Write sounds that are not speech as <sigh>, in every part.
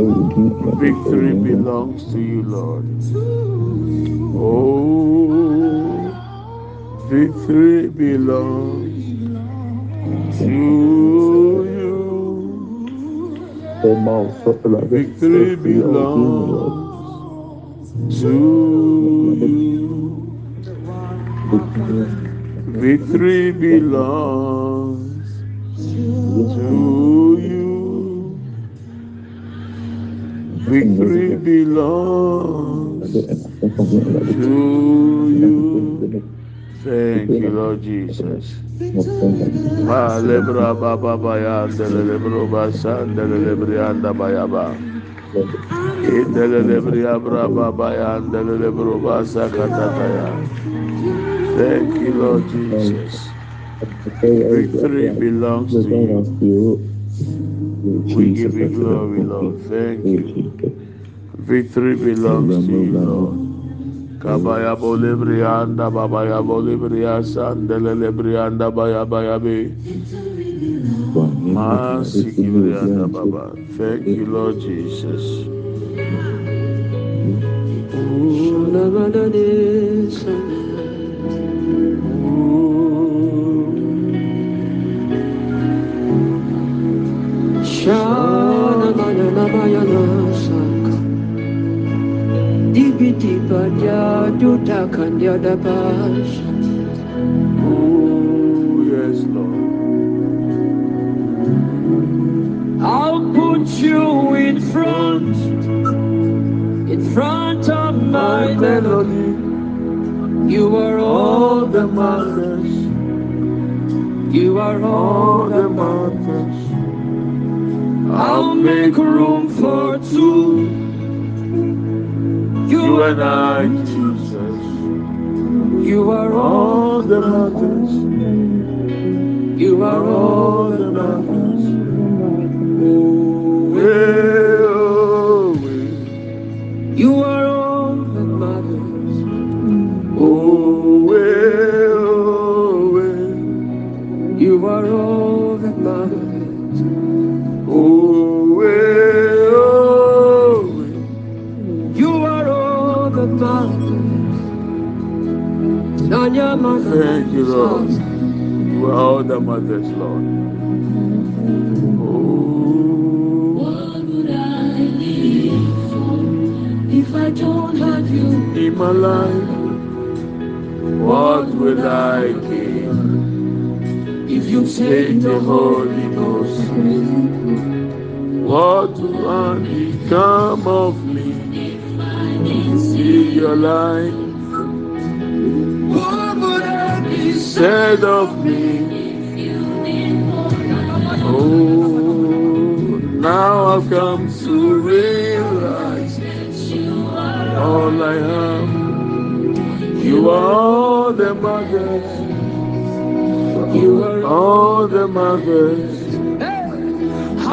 Victory belongs to you, Lord. Oh, victory belongs to you. Victory belongs to you. Victory belongs to you. victory belongs to you. Thank you, Lord Jesus. Ma lebra baba baya andele lebro basa andele lebri anda baya ba. Indele lebri abra ya, baba ya andele lebro basa kata ya. Thank you, Lord Jesus. Victory belongs to you. we give you glory, Lord. Thank you. Victory belongs to you, Lord. Kabaya bolebrianda, babaya bolebria, sandelele brianda, baya baya be. Masi baba. Thank you, Lord Jesus. Duta Kandya Oh yes Lord I'll put you in front In front of my, melody. melody You are all the mothers You are all the mothers I'll make room for two. You and I, Jesus. You are all that matters. You are all that matters. Oh, yeah. Lord. You are all that matters, Lord. Oh. If I don't have you in my life, what will I gain? If you take the Holy Ghost, what will become of me? if I don't See your light said of me. Oh, now I've come to realize all I am. You are all the mothers. You are all the mothers.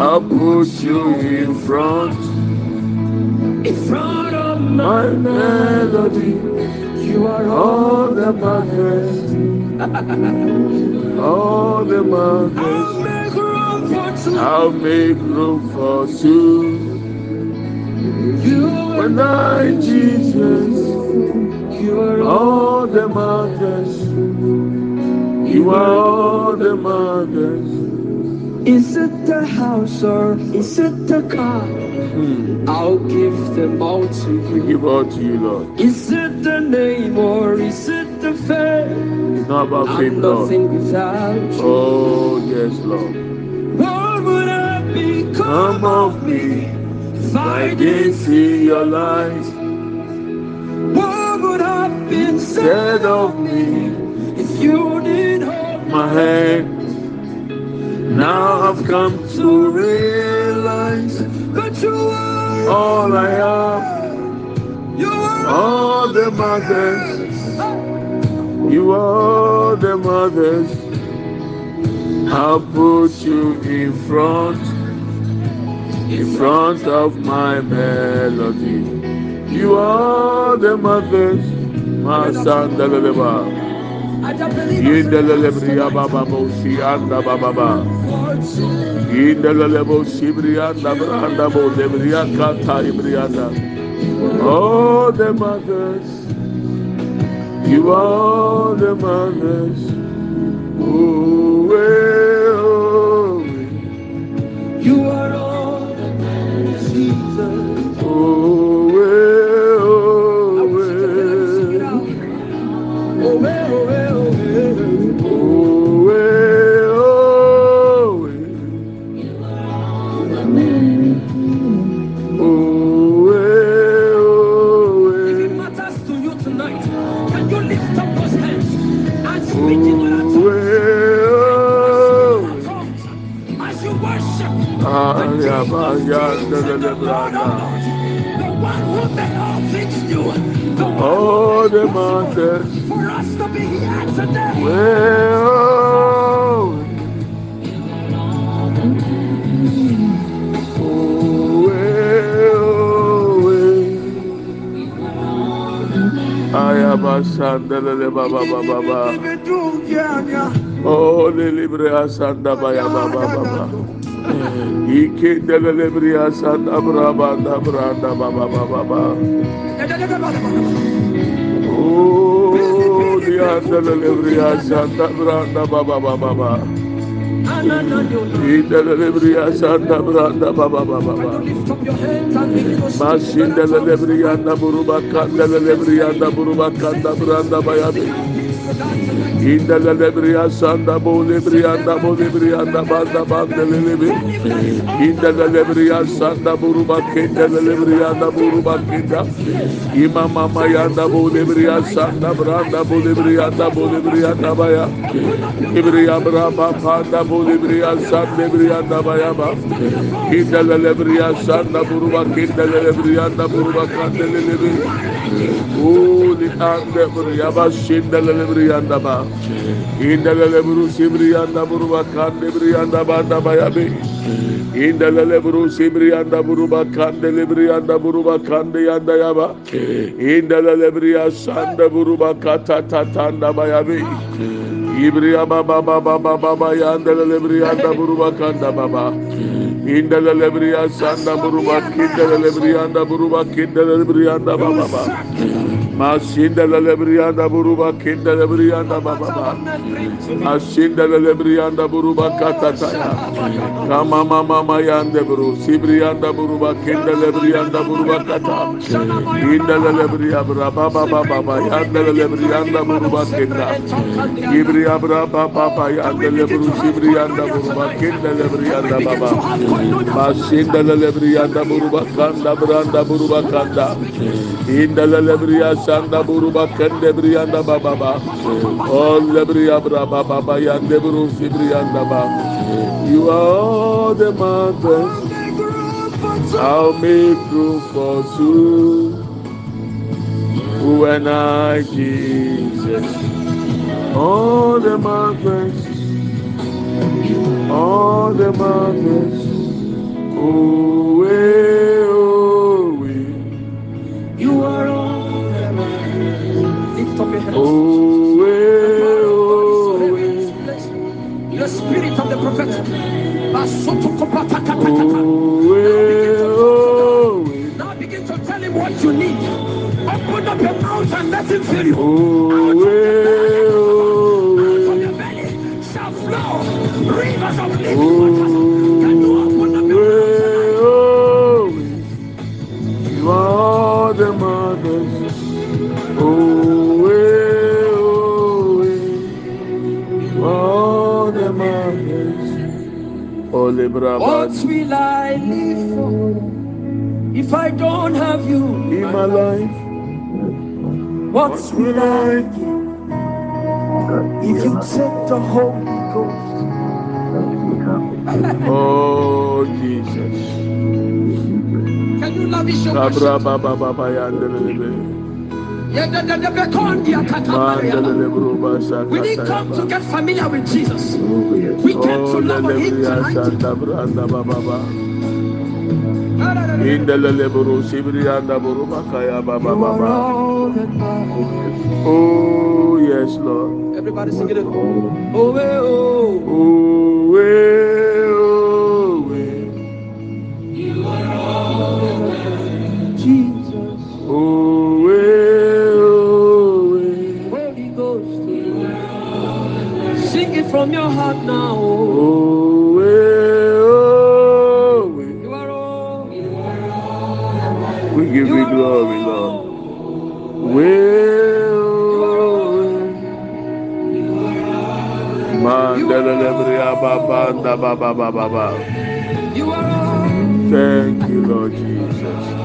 I put you in front, in front of my melody. You are all the mothers. All the mountains. I'll make room for two. When I, Jesus, you are all the mountains. You are all the mountains. Is it the house or is it the car? Hmm. I'll give them all to you. We give all to you, Lord. Is it the name or is it to say. It's not about I'm Lord. Oh, yes, Lord. What would I become of me if I didn't see your light? What would have been said of me if you didn't hold my hand? Now I've come to realize that you are all I are all that matters. You are the mothers. I put you in front, in front of my melody. You are the mothers, my son, the deliver. in baba level anda baba ba. Yindelelebo sibriyanda branda bo debriya kata ibriyanda. Oh the mothers. You are the mothers eh, Oh, hey, eh. You are Oh, le libre asanda ba ya ba ba ba ba. Ike de le libre asanda bra Oh, dia de le libre asanda bra da ba İndelebriya santa branda baba baba baba. Masindelebriya da buru bakkan delebriya da buru bakkan da branda bayadı. Inda la lebria sanda bo lebria da bo lebria da banda banda lelebi. Inda la lebria sanda buruba kenda la lebria da buruba kenda. Ima mama ya da bo lebria sanda branda bo lebria da bo lebria da baya. Lebria braba pa da bo lebria sanda lebria da baya ba. Inda la lebria sanda buruba kenda la lebria da buruba kanda lelebi. Oh, the ande buruba shinda la lebria da ba. İndelele buru simriyanda buru bakan debriyanda banda bayabi. İndelele buru simriyanda buru bakan delibriyanda buru bakan yanda yaba. İndelele briya sanda buru bakata tatanda bayabi. İbriya baba baba baba bayandelele briyanda buru bakanda baba. İndelele briya sanda buru bak indelele briyanda buru bak indelele briyanda baba baba. Masindele lebriyanda buruba kindele briyanda bababa. Masindele lebriyanda buruba katataya. Kama mama mama mayande buru. Sibriyanda buruba kindele briyanda buruba kata. Indele lebriya braba baba baba. Yandele lebriyanda buruba kinda. Ibriya braba baba. Yandele buru sibriyanda buruba kindele briyanda baba. Masindele lebriyanda buruba kanda branda buruba kanda. Indele lebriyanda Sanda Buruba Kende Brianda Baba All Lebria Braba Baba Yandeburu Sibrianda Ba You are the mountains I'll make room for two when I Jesus All the mountains All the mountains Oh, oh, oh, you are all Oh, The spirit of the prophet. Oh, now, begin to tell him what you need. Open up your mouth and let him fill you. Oh, Out of the belly shall flow rivers of living water. What will I live for if I don't have you in my life? What will I give if you take the Holy Ghost? <laughs> oh, Jesus. Can you lavish your we didn't come to get familiar with Jesus. We came to love Him tonight. Indeleleburu kaya baba baba. Oh yes, Lord. Everybody sing it. Oh, eh, oh, oh, oh, oh. from your heart now. Oh, oh, we, you are all. You are all. We are. you, you are. Lord. Thank you, Lord Jesus.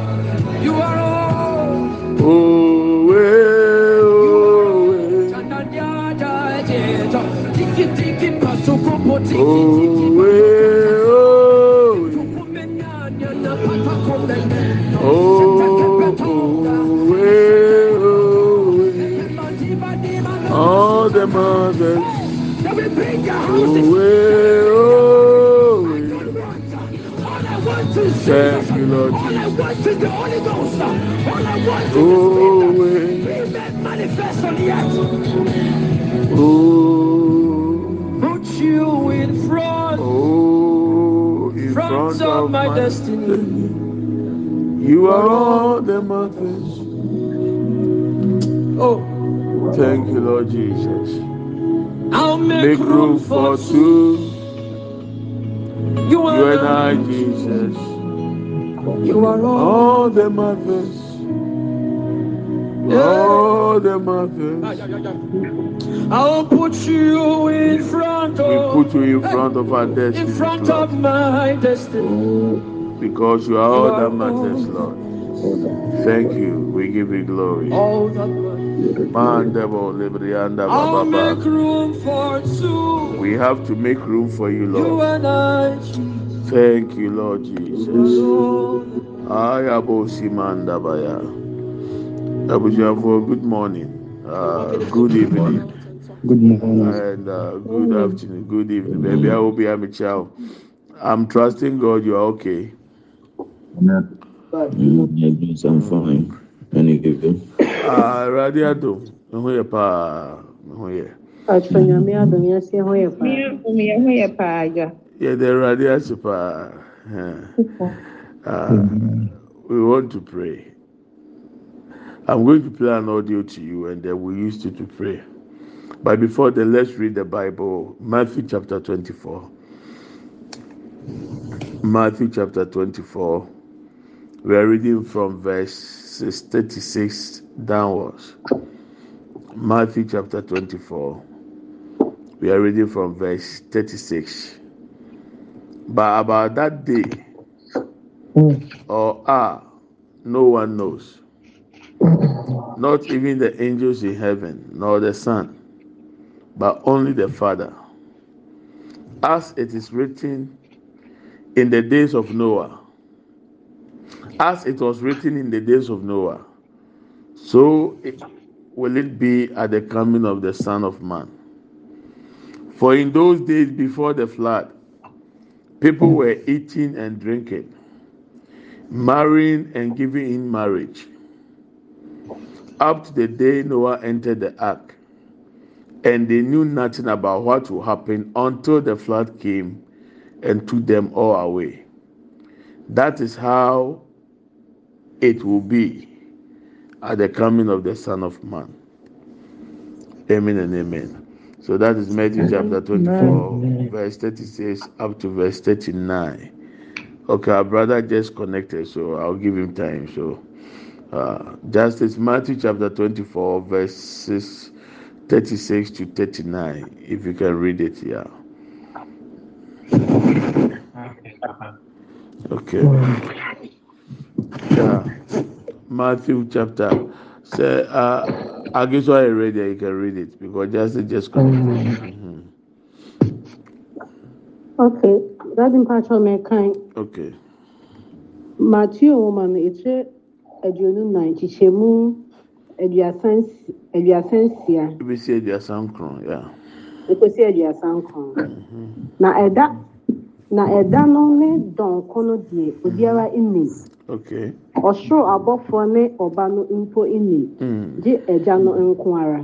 Jesus. I'll make, make room, room for two. You, you and I, Jesus. You are all, all the mothers. All the mothers. I'll put you in front of. We put you in front of our destiny. In front Lord. of my destiny. because you are you all the matters, Lord. Thank you. We give you glory. All the. We have to make room for you, Lord. You and I, Thank you, Lord Jesus. I abo simanda baya. good morning. Uh, good evening. Good morning. And uh, good afternoon. Good evening, baby. I will be a child. I'm trusting God. You are okay. Amen. I'm fine. Any keke. awurade ah, adum ne ho yɛ paa ne me, yɛ. pàtó nyame adum yẹn si ho yɛ ah, we want to pray. I'm going to play an audio to you and then we used it to pray. But before that, let's read the Bible. Matthew chapter 24. Matthew chapter 24. We are reading from verse 36, 36 downwards. Matthew chapter 24. We are reading from verse 36. But about that day, or ah, no one knows. Not even the angels in heaven, nor the Son, but only the Father. As it is written in the days of Noah as it was written in the days of Noah, so it, will it be at the coming of the Son of Man. For in those days before the flood, people were eating and drinking, marrying and giving in marriage, up to the day Noah entered the ark. And they knew nothing about what would happen until the flood came and took them all away. That is how it will be at the coming of the Son of Man. Amen and amen. So that is Matthew chapter 24, verse 36 up to verse 39. Okay, our brother just connected, so I'll give him time. So, uh, Justice Matthew chapter 24, verses 36 to 39, if you can read it, yeah. Okay. yeah. Matthew chapter. So, uh, I guess I read it. You can read it because just just. Mm-hmm. mm-hmm. Okay, that impact on my kind. Okay. Matthew woman, it's a aduonu nan kyekyɛ mu aduasan aduasan sia. Ebi si aduasan kron, ya. Ekosi aduasan kron. Mm-hmm. Na ɛda na ɛda no ne dɔnko no deɛ obiara mm. nnim ɔsoro abɔfoɔ ne ɔba no mpo nnim mm. gye agya no nko ara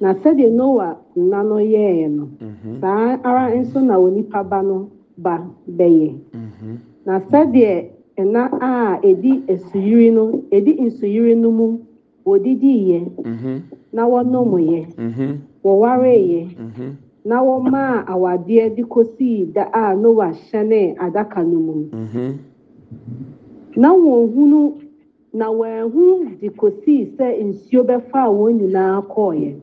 na sɛdeɛ noa nna no ya no mhm. saa ara nso na onipa ba no ba bɛyɛ mhm. na sɛdeɛ ɛna a ɛdi nsuyiri no ɛdi nsuyiri no mu wɔdidiiɛ mhm. na wɔnomyɛ wɔwareeɛ na wɔmaa awadeɛ de dikosi da a noa hyɛnee adaka no mu mhm. na wɔhunu na dikosi de kɔsii sɛ nsuo bɛfaa wɔn nyinaa kɔɔeɛ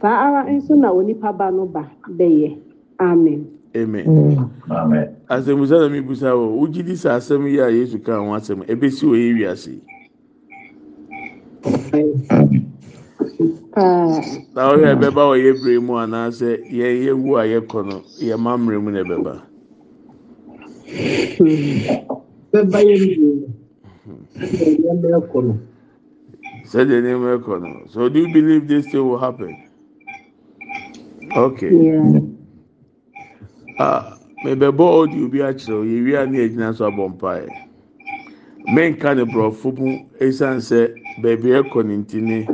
saa ara nso na onipa ba no ba bɛyɛ amen asemusa na mebusa wɔ wogye di sɛ asɛm yi a yesu ka ho asɛm ɛbɛsi wɔ yɛ na ọ yẹ ẹbẹ bá yẹ bèrè mu anaasẹ yẹ yẹ wu a yẹ kọ no yẹ má mìíràn mu na ẹbẹ bá. bẹba yẹ mìíràn yẹ kọ no. So do you believe this thing will happen? Okay. Yeah. Ah, maybe bold you be actual. You we are near Jinaso Bompae. Men can a bro fubu esan se baby Ekono intini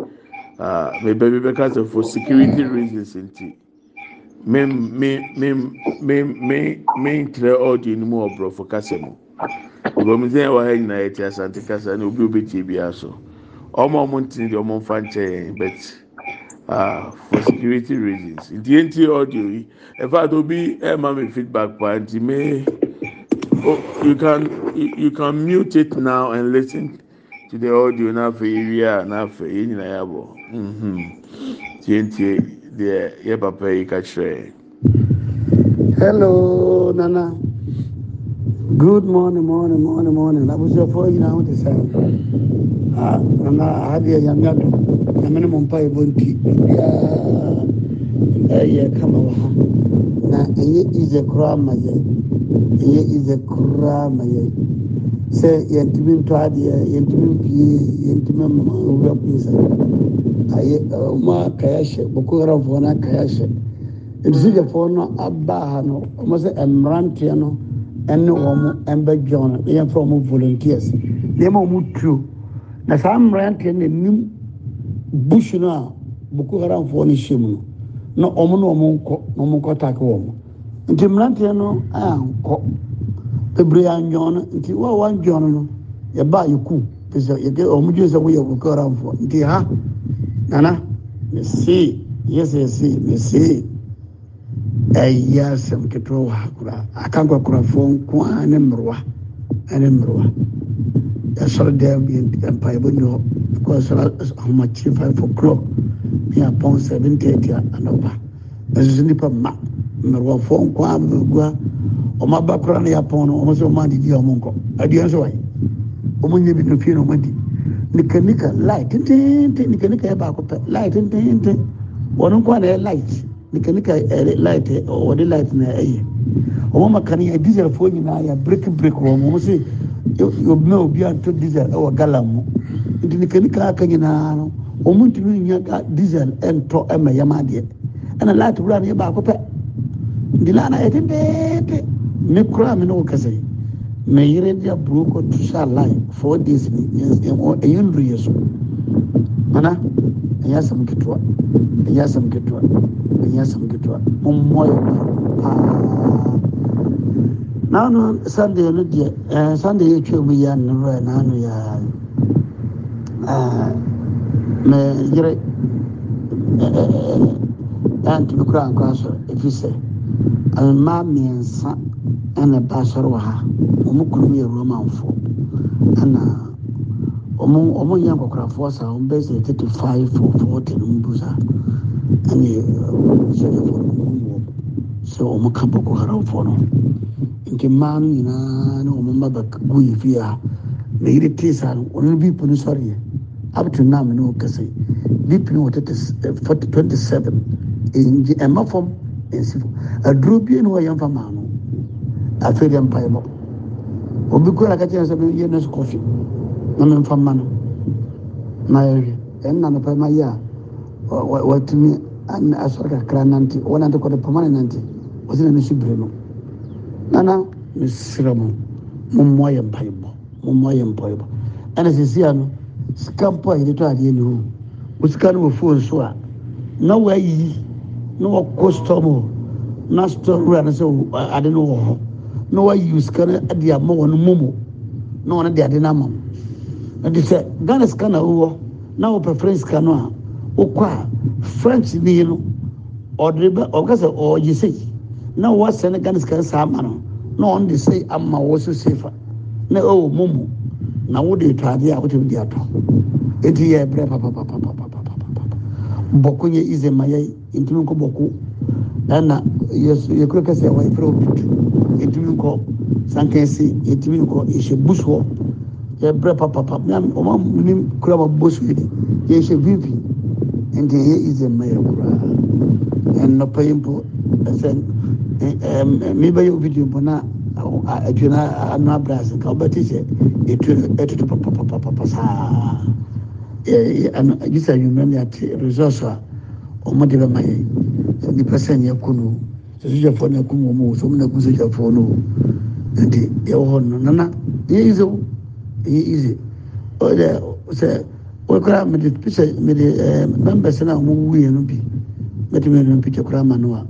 meba bi bɛka sɛ for security reasons nti me me me me me me ntrɛ ɔdi anim wɔ borɔfo kasa mu obamisan wɔ ha nyinaa yɛ ti asante kasa na obi obi tie biara so ɔmo a ɔmo ntini deɛ ɔmo nfa nkyɛn but ah for security reasons nti yɛn audio. ɔdi yi ɛfa do bi ɛma mi feedback pa nti me oh you can you, you can mute it now and listen kyerɛ ɔdio n'afɛɛ ewia n'afɛɛ yɛn nyinaa yabɔ tientie deɛ yɛ papa yi ka kyerɛ. hello nana good morning morning morning morning abusuafoɔ nyinaa wɔn ti sɛ ah nana ahadeɛ nyamea do nyame ne mo mpa yɛ bɔ nti biara ɛyɛ kama wɔ ha na ɛyɛ ize koraa ma yɛ ɛyɛ ize koraa ma yɛ sɛ yɛntumi ntɔ adeɛ yɛntumi mpie yɛntumi mma owura pinsa ayɛ ɔma kaya hyɛ boko haramfoɔ no akaya hyɛ ɛtusogyafoɔ mm. no aba ha no ɔmo sɛ mmeranteɛ no ɛne wɔn mbɛdwɔn no yɛmfa wɔn volunteers nneɛma wɔn tuo na saa mmeranteɛ no anim bush no a boko haramfoɔ no hyɛ mu no na wɔn na wɔn nkɔ na wɔn nkɔ take wɔn nti mmeranteɛ no ankɔ. bebree anwɔn nti wo a wanwɔn no yɛba yɛku pɛsɛ yɛde ɔmo dwe sɛ woyɛ wɔkɔramfoɔ nti ha nana mesee yɛsɛsee mesee ɛyɛ asɛm ketewa wɔ ha koraa akankɔkorafoɔ nko a ne mmerewa ne mmerewa yɛsɔre dɛm yɛmpaebɔ nni hɔ kɔsɔre ahomakye five o'clock ne apɔn seven thirty anɔpa ɛsoso nnipa ma mmerewafoɔ nko a mmerɛgua ɔmo aba kora no yapɔn no ɔmo sɛ ɔmo adidi a ɔmo nkɔ adeɛ nso wayɛ ɔmo nyɛ bi no fie no ɔmo adi nikanika light tententen nikanika yɛ e baako pɛ light tententen wɔn nkɔ na yɛ e light nikanika ɛyɛ e light wɔde light na ɛyɛ ɔmo ma kanea diesel foɔ nyinaa yɛ break break wɔn ɔmo sɛ obi na obi anto diesel ɛwɔ galan mu nti nikanika aka nyinaa no ɔmo ntumi nya diesel ɛntɔ ɛmɛ yɛm adeɛ ɛna light wura no yɛ baako pɛ nti laana yɛ tententen me koraa me ne wo kasa yi meyere de aburo kɔto sɛ alae four days ɛyɛ nduruyɛ so ana ɛnyɛ asɛm ketewa ɛnyɛ asɛm ketewa ɛnyɛ asɛm ketewa mmɔyɛ paa naanu sunday no deɛ ɛɛ sunday yɛ twɛ mu yi a nnura naanu yɛ ɛɛ mɛ yere ɛɛ ɛɛ ɛɛ ɛɛ ntumi kura nkɔ asɔrɔ efi sɛ. mmaa mmiɛnsa na ɛba asɔre wɔ ha wɔn kurom yɛ romanfo ɛna wɔn wɔn nyɛ nkɔkorafoɔ saa wɔn bɛyɛ sɛ thirty five for forty no mu saa ɛna eh, sɔrɔfoɔ no wɔn wɔ sɛ wɔn ka bɔkɔ haramfoɔ no nti nyinaa ne wɔn mma gu yɛ fie ha na yiri tee saa no wɔn bi pono sɔre yɛ up to kɛse bi esi fo aduro bie na wɔyɛ nfa maa no afei deɛ mpa ɛbɔ obi kura la kakyɛ sɛ yɛ ne so kɔfi na me nfa ma no na yɛhwɛ ɛnna no pɛma yɛ a wɔatumi asɔre kakra nante wɔnante kɔde pama ne nante wɔsi na ne so bere no nana mesrɛ mo mommoa yɛ mpaebɔ mommoa yɛ mpaebɔ ɛna sesia no sika mpo a yɛde tɔ adeɛ ne ho wo no wɔ fon so a na wɔayiyi na wɔkɔ stɔm na stɔwura no sɛ ade no wɔ hɔ na wayi sika no ade ama wɔn momo na wɔn de ade no ama mo ɛdi sɛ ghana sika na wowɔ na wɔpɛ french sika no a wokɔ a french ni no ɔde bɛ ɔka sɛ ɔɔgye sei na wɔasɛ ne ghana sika no saa ama no na wɔn de sei ama wɔ so sefa na ɛwɔ momo na wode tɔ adeɛ a wotumi de atɔ eti yɛ brɛ papapapapapapa bɔko nyɛ ize ma yɛyi. ntumi nkɔ bɔko ɛna yɛkuro kɛseɛ wɔ yɛfrɛ obitu ntumi nkɔ sankɛnse ntumi nkɔ yɛhyɛ bus hɔ yɛbrɛ papapa miami ɔmo amunim kura ma bɔ suwi de yɛhyɛ vivi nti yɛ ize mɛyɛ koraa ɛnɔpɛ yi mpo ɛsɛ ɛɛm mi bɛyɛ video mpo na ɛtwe na anu abira ase nka ɔbɛti hyɛ etu ɛtutu papapapa saa ɛɛ ɛno gisa enyimrɛ mi ate resɔs a wɔn de bɛ ma yɛ sɛ nipa sɛ nyɛ kun no sojafoɔ na kun wɔn o sɔmu na kun sojafoɔ no nti yɛwɔ hɔ no nana yɛ yize o yɛ yize ɔyɛ sɛ wɔkura mɛde pisɛ mɛde ɛɛ mɛmbɛsɛ na wɔn wu yɛ no bi mɛde mɛde no pikyɛ kura ma no a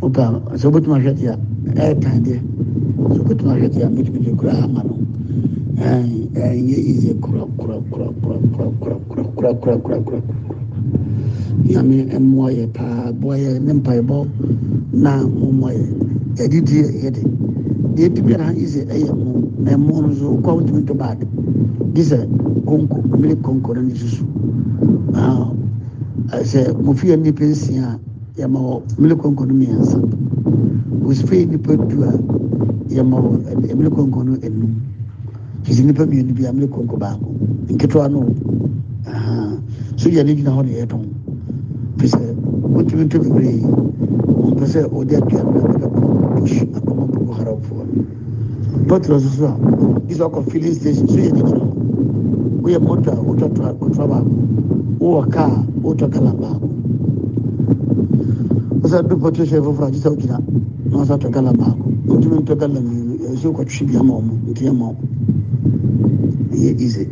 ɔba sɛ ɔbɛtuma hwɛ deɛ ɛyɛ tan deɛ sɛ ɔbɛtuma hwɛ deɛ mɛde mɛde kura ama no ɛɛ ɛɛ yɛ yize kura kura kura kura kura kura kura kura kura kura kura. nyame mmoa yɛ paa boa yɛ ne mpaebɔ na mommoa yɛ adidie yɛde deɛ ɛtu sɛ ɛyɛ mo na no so wokɔ wotumi to baad gye sɛ konko mmere konko no ne susu sɛ nnipa nsia a yɛma wɔ mmere konko no mmiɛnsa osifei nnipa du a yɛma wɔ mmere konko no anum sisi nnipa mmienu bi a mmere konko baako nketewa no so yɛne gyina hɔ ne yɛtɔn fi sɛ wotumi to bebree ɔmpɛ sɛ ɔde aduane abɛdɛpush akɔma boko haramfoɔ petro so so a ɛsɛ ɔkɔ filling station so yɛ negyina hɔ woyɛ moto a wotwa wotwa baako wowɔ kaa a wotwa kala baako wosɛ do petro hyɛ foforɔ a gye sɛ wogyina na wɔsɛ atɔ gala baako wotumi ntɔ gala mmienu ɛsɛ wokɔtwe bi ama ɔmo nti ama wo ɛyɛ easy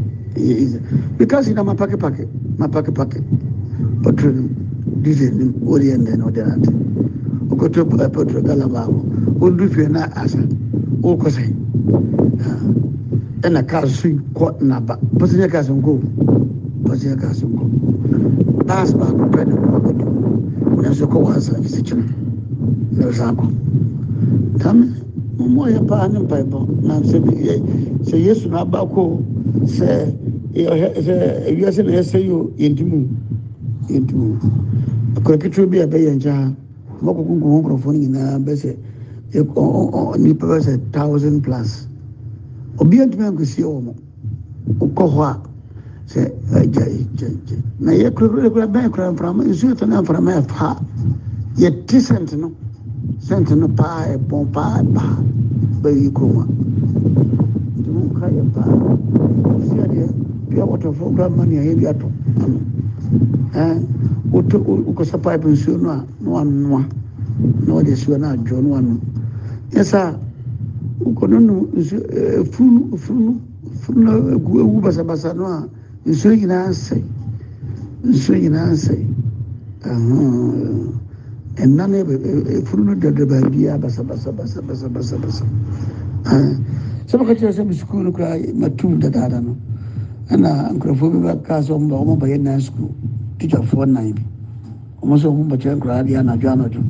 disease din oriya na na ọdịna ntị okoto petro galaba bụ o dufee na asa o kwasa ɛna kaa so kɔ naba passenger car so nkɔ passenger car so nkɔ bus baako pɛ ne kɔ akɔdo wɔn nso kɔ wɔn asa ɛsɛ kyerɛ na ɔsan akɔ tam mɔmɔ yɛ paa ne mpaebɔ na sɛ bi yɛ sɛ yesu na aba kɔ sɛ ɔhɛ sɛ sɛ na yɛ sɛ yi o yɛntumi yɛntumi. akora ketewa bi a bɛyɛ nkyɛn a ɔbɛkɔkɔ nkɔmɔ nkurɔfoɔ no nyinaa bɛsɛ e, nipa bɛsɛ thousand plus obiara ntumi ankosie wɔn mo okɔ hɔ a sɛ agya gya gya na yɛ kura kura kura bɛn kura mframa nsuo tɔ ne mframa yɛ paa yɛ ti sɛnt no sɛnt no paa ɛbɔn paa paa bɛyi kuroma nti mo nka yɛ paa nsuo deɛ bia wɔtɔfoɔ kura mma nea yɛ bi atɔ ɛn wotɔ wokɔsa pipe nsuo no a na wanoa na wɔde suo no adwo no wano nyɛ saa wokɔ no no nsuo efuru e, no efuru no efuru no egu ewu basabasa no a nsuo e nyinaa nsɛe nsuo e nyinaa nsɛe ɛhɔn ɛnna no efuru no dada baabi a basabasa basabasa basabasa ɛn sɛ bɛka kyerɛ sɛ sukuu no koraa matum dadaada no ɛna nkurɔfoɔ bi bɛka sɛ ɔmo ba ɔmo ba yɛ nan sukuu tikyafoɔ nan bi wɔn nso wɔn bɛkyɛ nkoraa adeɛ anadwo anadwo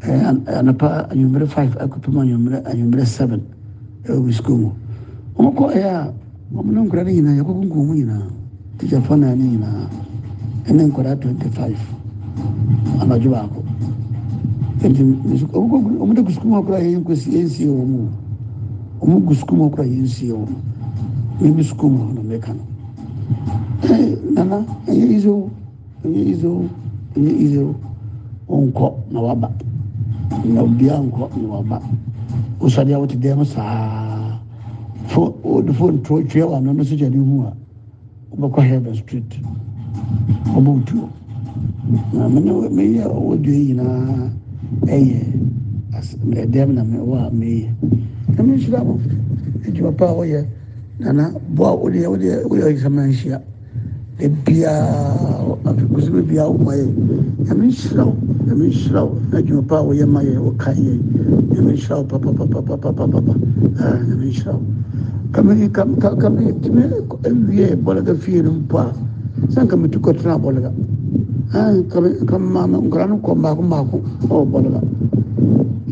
ɛɛ anapa anwummerɛ five akɔpem anwummerɛ anwummerɛ seven ɛwɔ sukuu mu wɔn kɔ ɛyɛ a wɔn ne nkoraa no nyinaa yɛkɔkɔ nkɔn mu nyinaa tikyafoɔ nan no nyinaa ɛne nkoraa twenty five anadwo baako nti wɔn de gu sukuu mu akora yɛn nkosi yɛn nsie wɔn mu wɔn gu sukuu mu akora yɛn nsie wɔn mu ebi sukuu mu hɔ na mɛka no nana ɛnyɛ Izo, o ɛnyɛ ize o ɛnyɛ ize o ɔnkɔ na waba na obia nkɔ na waba osɔre a wɔte dɛm saa fo wɔde fo ntoro twɛ wɔ ano no so gya ne mu a wɔbɛkɔ herbert street wɔbɔ otuo na mene meyɛ wɔdua nyinaa ɛyɛ ɛdɛm na mewɔ a meyɛ na menhyira mo adwuma pa a wɔyɛ nana boa o de o de o de ayisama nhyia ebiaa afikosoro biaa o ma yɛ nyame nhyira wo nyame nhyira wo na adwuma pa a wɔyɛ ma yɛ wɔka yɛ nyame nhyira wo papapapapapapa ɛɛ nyame nhyira wo kame kame kame tumi ewie bɔlɔga fie no mpo a san kame tu kɔtena bɔlɔga ɛɛ kame kame maame nkɔla no kɔ mbaako mbaako ɛwɔ bɔlɔga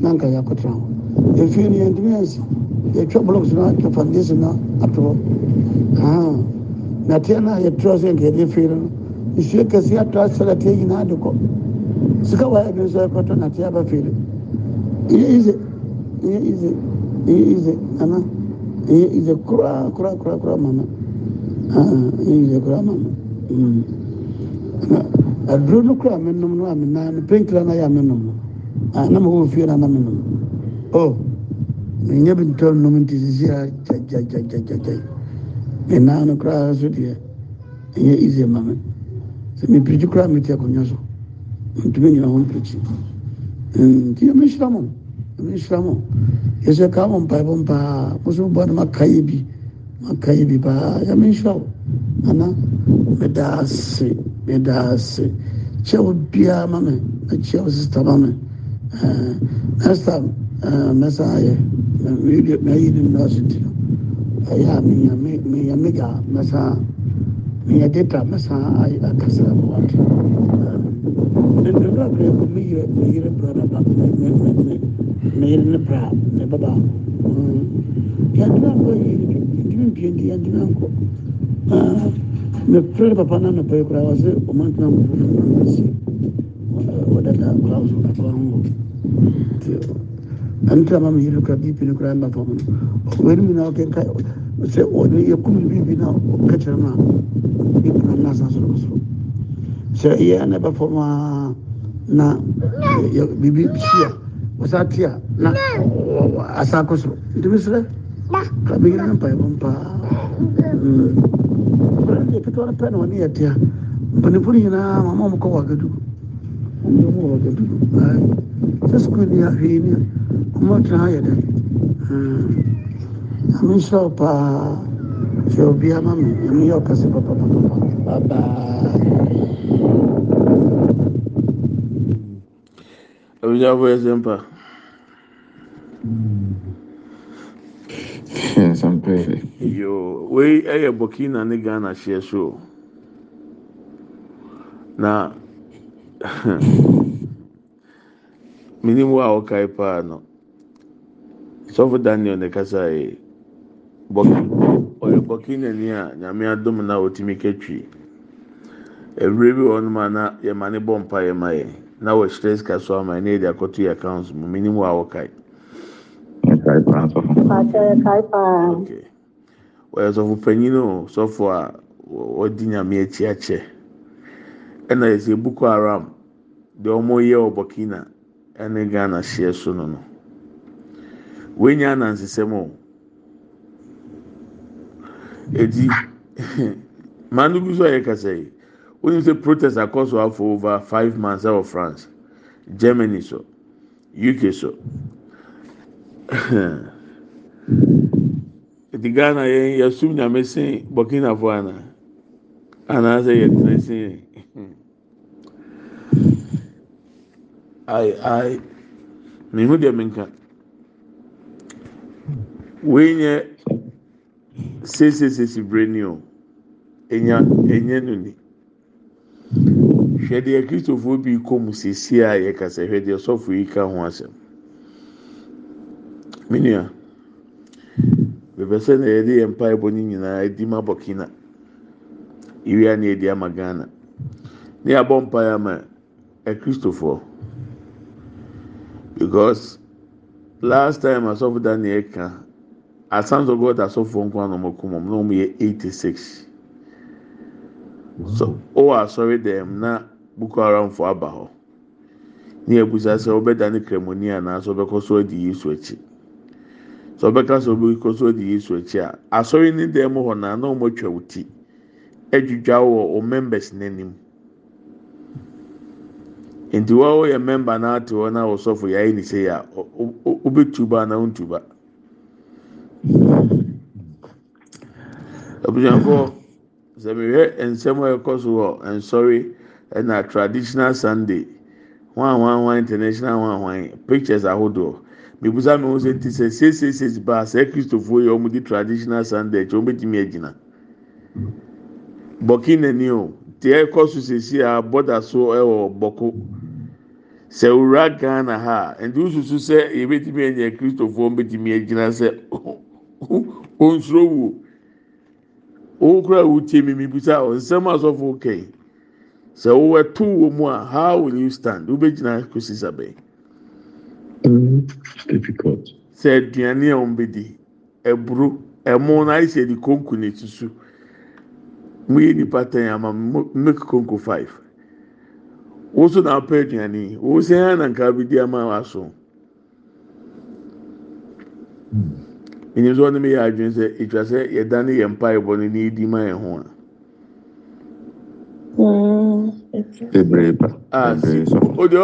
nanka yɛ akɔtena hɔ efie no yɛn tumi yɛn si. yɛtwa sona ka foundation no ato hɔ na teɛ no a yɛtrɛ so yɛnkɛde fei no nsuo kɛseɛ atra sɛdateɛ nyinaa de kɔ sika wayɛ bi e nso yɛkɔtɔ nateɛ aba fei no ɛyɛ ize ɛyɛ ize ɛyɛ ize ana ɛyɛ ize koraa koraa koraa koraa mama ɛyɛ ize koraa mama aduro no koraa menom no a menaa no penkira no ayɛ a no na mawɔ fie no a na oh nyɛ bintɔm nom nti sisi a gyagyagyagyagyagya ɛnaa no koraa so deɛ ɛnyɛ easy ma me sɛ mepirikyi koraa mete akonnwa so ntumi nyina ho mpirikyi nti ɛmehyira e mo ɛmehyira mo yɛsɛ kaa mo mpaebɔ mpaa mo so boa no makaeɛ bi makaeɛ bi paa yɛmehyira wo ana meda ase meda ase kyɛ wo biara ma me na kyɛ sista ma me eh, next time eh, mɛsan ayɛ na yi din nasu tilo aya me ya miga masa me ya dita masa a kasa wata ne ne ba ka yi me yi me yi bra na ba me me me yi ne bra ne ba ba ya dina ko yi dimi biyan di ya dina ko me fere papa na na pai kura wasu o man tana mu fufu na wasi wadanda kura wasu na kura mu an kira ma mi yiri kura bi bini kura la faamu wani min na kɛ ka se o ni ye bi bi na o ka cɛ ma i kuna na san sɔrɔ sɔrɔ sɛ i ye b'a fɔ ma na bibi siya wasa tiya na a sa ko sɔrɔ n tɛmɛ sira ka bi yiri pa yɛrɛ pa kɔrɔ de pitɔ ni pɛn wani yɛ tiya bani furu ɲinan mama mu kɔ wa ka dugu mu kɔ wa ka dugu ayi. oskudiahin matrayede amishopa soobiamame amihokasepa avinyafoezempao we eye bokina neghana shesh na <laughs> minimu wo a wokae paa no sɔfo daniel ne kasa yɛ e, ɔyɛ bɔkinani a nyame adom na ɔtumi katwi awurɛ e bi wɔnom a na yɛma ne bɔ mpa yɛ na wɔhyerɛ sika so ama yɛ e na yɛde akɔto yɛ accounts mu a wokae ɔyɛ sɔfo panyin o sɔfo a wɔdi nyame akyi akyɛ ɛna yɛsɛ buku aram deɛ wɔn yɛ wɔ ne ghana hyeɛ so no no wɔnyɛ anansesɛm o edi <laughs> maa no bi so a yɛ kasa yi wɔn sɛ protest akɔso afɔ over five months ɛwɔ france germany so uk so <laughs> edi ghana yɛn yɛsum nyame sen burkina fo ana anaasɛ yɛ tena sen yɛn. ai ai mehu deɛ menka wei nyɛ seesieseesi bere ni enya enya no ni hwɛ deɛ kristofoɔ bi kɔ mu seesie a yɛkasa hwɛ deɛ sɔfo yi ka ho asɛm menua bɛbɛ sɛ na yɛde yɛn mpaebɔ no nyinaa adi ma burkina ewia na yɛde ama ghana ne yɛabɔ mpaeɛ ama akristofoɔ because last time daniel ka asans of god asɔfo nko mm-hmm. oh, na eighty six so ɔwɔ asɔre dɛm na boko haram aba hɔ ne ebusa sɛ ɔbɛda ne kremoni anaasɛ ɔbɛkɔ so adi sọ so a na anọ ɔmo atwa wɔn ti nti wɔn a wɔyɛ mɛmba n'ate hɔ na wɔsɔfo yɛayɛ ne sei a wobɛtuba na wontuba abusuafoɔ sɛ mehwɛ nsɛm a ɛkɔ so wɔ nsɔre ɛna traditional sunday nwanwanwan international nwanwan pictures ahodoɔ bibusa mi ho sɛ nti sɛ seeseesees baa sɛ kristofoɔ yɛ wɔn di traditional sunday kyɛ wɔn bɛtumi agyina bɔkin n'ani o. deɛ ɛkɔ so sɛsi a bɔda so ɛwɔ bɔko sɛ owura ghana ha nti wosusu sɛ yɛbɛtumi anya kristofoɔ mbɛtumi agyina sɛ <laughs> onsuro wuo wokura wotie mi mibisa nsɛm asɔfo kɛi sɛ wɔto wɔ mu a how will you stand wobɛgyina kɔsi sabɛn mm-hmm. sɛ aduane a ɛburo ɛmo na sɛ ɛdi konko na moyɛ nipa ten ama make konko five wo so na apɛ aduane wo sɛ ɛna bi di ama aso ɛnyɛ nso ɔne mi yɛ adwene sɛ etwa sɛ yɛda ne yɛ mpa ɛbɔ ne ne edi ma yɛn ho a. o ɔpɛ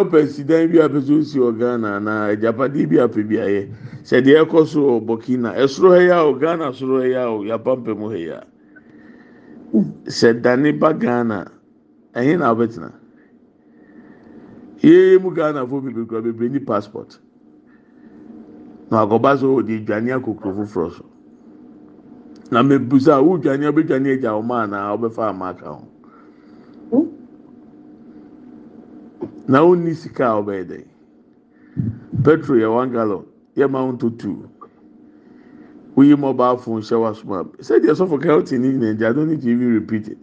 bi a so si ghana na bi bi ayɛ ɛkɔ so ha yɛ o ghana soro ha yɛ a o yapa sɛ dane ba ghana ɛhe na wobɛtena yeye mu ghana bebree kura bebree ni passport na akɔba so wɔde dwane akokoro foforɔ so na mebusa a wodwane wobɛdwane agya wɔn anaa wobɛfa ama aka ho na wonni sika a wobɛyɛ dɛ petro yɛ one gallon yɛ ma woyi mobile phone hyɛ w'asom a sɛdeɛ sɔfo kɛlɛtin ne nyina i don't need to even repeat it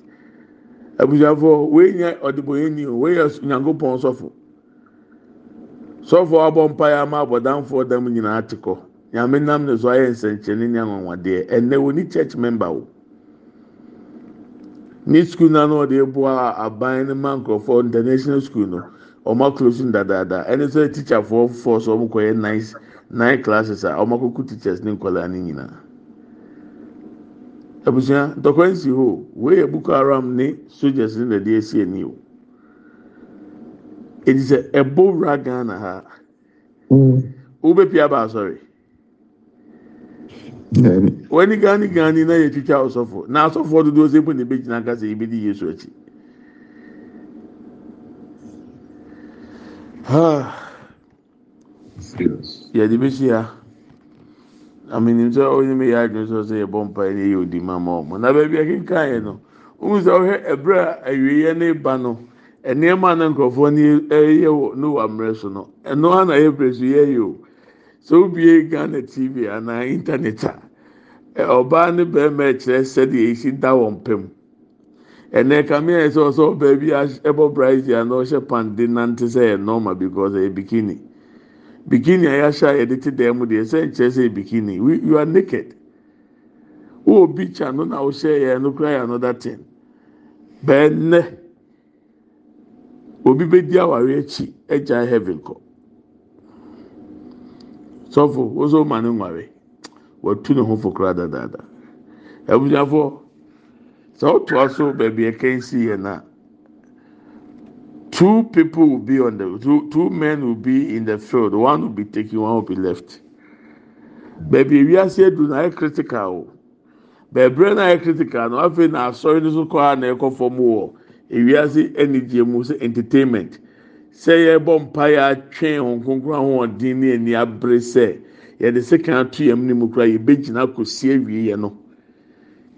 abusuafo wei nyɛ ɔdebɔnyɛni o wei yɛ nyankopɔn sɔfo sɔfo abɔ mpaeɛ ama abɔdanfoɔ dam nyinaa te kɔ nyame nam ne so ayɛ nsɛnkyerɛnne ne anwanwadeɛ ɛnɛ wɔ church member o ne school na no ɔde eboa aban ne international school no ɔmo nine classes a ah, wɔn teachers ne nkwadaa ne nyinaa abusua ntọkwa nsi hɔ wee yɛ boko haram ne soldiers ne dade esi ani o edi sɛ ɛbɔ wura ghana ha mm. wobɛpi aba asɔre wani gani gani na ya twitwa ọsọfọ na asɔfo dodoɔ sɛ ebien ebegyina nkasa yi ebedi yesu akyi haa. yɛde a aminim sɛ ɔne mi yɛ adwene sɛ ɔsɛ yɛbɔ mpa ne yɛ odi ma ma ɔmo na baabi akeka yɛ no ohun sɛ ɔhwɛ ɛbrɛ awieɛ ne ba no nneɛma na nkurɔfoɔ ne ɛyɛ wɔ ne wɔ amrɛ so no ɛno ara na yɛ pere so yɛyɛ o sɛ obie ghana tv anaa internet a ɔbaa ne bɛrima ɛkyerɛ sɛdeɛ esi da wɔn pɛm ɛnɛ kamea yɛ sɛ ɔsɛ ɔbaa bi ɛbɔ braise na ɔhyɛ pan de nante sɛ ɛyɛ normal because ɛyɛ bikini. bikini a yɛahyɛ a yɛde te dan mu deɛ sɛ nkyerɛ sɛ bikini we you are naked wowɔ beach ano na wohyɛ yɛ no kura yɛ another thing bɛɛnɛ obi bɛdi awari akyi agya heaven kɔ sɔfo woso ma ne nware watu ne ho fokora dadaada abusuafoɔ sɛ wotoa so baabi ɛkɛnsi yɛ naa. two people will be on the two, two men will be in the field one will be taken one will be left baabi we are edu na not critical o beebre na critical no afei na asɔre no so kɔa na ɛkɔ fam wɔ ewia se ɛni gye mu say entertainment Say sɛ yɛbɔ mpa yɛ atwɛn wɔn kunkun ahoɔden ne ani abere sɛ yɛde sekan ato yɛn mu ne mu kura yɛbɛgyina kɔsi awie yɛ no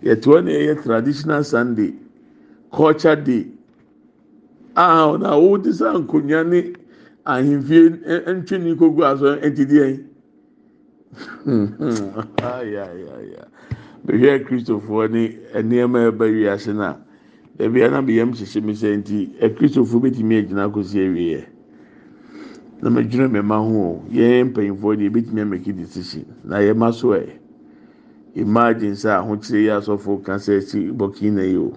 yɛtoɔ na yɛyɛ traditional sunday culture day a ah, na wodi sa nkonnwa ne ahemfie ntwe ne kogu aso ntidi yɛn bɛhwɛ <laughs> kristofoɔ ne nneɛma a ɛba wiase no a dabi a na bɛyam hyehyɛ mi sɛ nti eh, kristofoɔ bɛtumi agyina akɔsi awieɛ na mɛdwene mɛma ho o yɛn mpanyinfoɔ deɛ bɛtumi amɛki decision na yɛma so ɛ imagine sɛ ahokyere yi asɔfo kansa esi bɔkii na yi o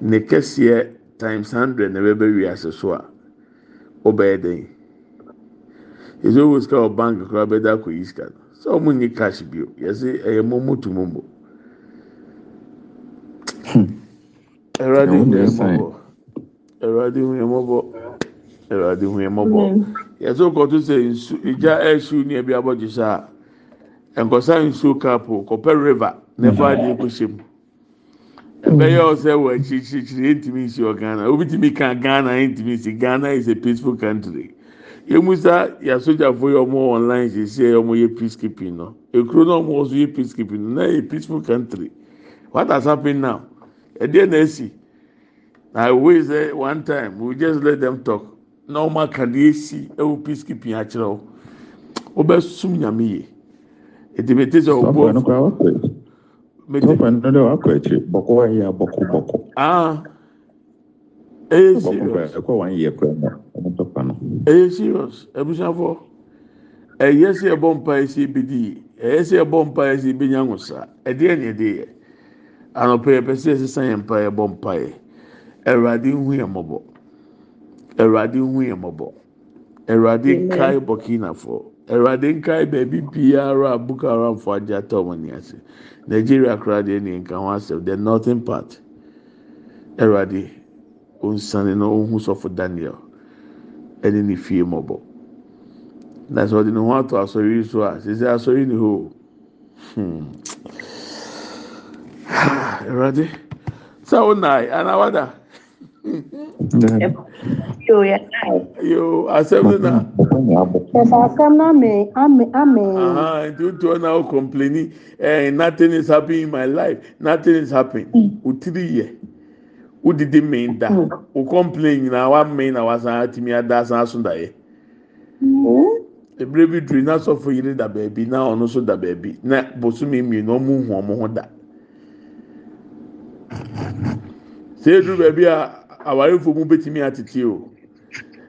ne kɛseɛ times hundred na ɛbɛbɛ wiase so a ɔbɛyɛ den yɛsɛ owó sika wɔ bank koraa bɛda akɔ yi sika sɛ ɔmo nyi cash bio yɛsɛ ɛyɛ mo mo tu mo mo hmm. ɛwurade hu yɛn mɔbɔ ɛwurade hu yɛn mɔbɔ ɛwurade hu yɛn mɔbɔ yɛsɛ ɔkɔto sɛ nsu egya ɛhyew ni ɛbi abɔ gyehyɛ nkɔsa nsuo kaapo kɔpɛ river na ɛfɔ adeɛ hyɛ mu ɛbɛyɛ ɔsɛ wɔ akyirikyirikyiri ntumi nsi wɔ ghana obi tumi ka ghana ntumi nsi ghana is a peaceful country yɛmu sa yasojafo yɛ ɔmo online sisi yɛ ɔmo yɛ peacekeeping no ekuro na ɔmo ɔso yɛ peacekeeping no na yɛ peaceful country what has happened now ɛdeɛ na esi na wey sɛ one time we just let them talk na ɔmo aka deɛ esi peacekeeping peacekeeping akyerɛw ɔbɛ sum nyame yie etimete sɛ ɔbɔ. Papa no akɔ akyiri bɔkɔ ayɛ abɔkɔ bɔkɔ. Ɛyɛ serious. Ɛkɔ wɔn yɛ kura mu ɔmo papa no. Ɛyɛ serious ebusuafo ɛyɛ eh, sɛ ɛbɔ mpa ɛsɛ ebi di ɛyɛ eh, sɛ ɛbɔ mpa ɛsɛ ebi nya nwosa ɛdeɛ eh, ni ɛdeɛ yɛ anɔpɛ yɛ pɛ sɛ ɛsesa yɛ mpa ɛbɔ mpa yɛ ɛwurade hu yɛ mɔbɔ ɛwurade hu yɛ mɔbɔ ɛwurade kae bɔkinafo. awurade nkae baabi biara a boko haram fo agye atɔ wɔn ni ase nigeria koraa deɛ ne nka ho asɛm the northern part awurade onsane na ohun sɔfo daniel ɛne ne fie mɔbɔ na sɛ ɔde ne ho ato asɔre yi so a sisi asɔre ne ho awurade sáwọn nàá anawada yo yɛ nai. yo asɛm no na. ɛsɛ asɛm na mi ami ami. nti o tɔ na o complaini ɛɛ eh, nothing is happening in my life nothing is happening o tiri yɛ o didi mi da o complain nyinaa wa mi na wa san atimi ada san so da yɛ. ebire bi duri na sɔfo yiri da beebi na ɔno nso da beebi na bosomi mmienu ɔmo hu ɔmo ho da sèé duru beebi a awarefo mu betumi atete o.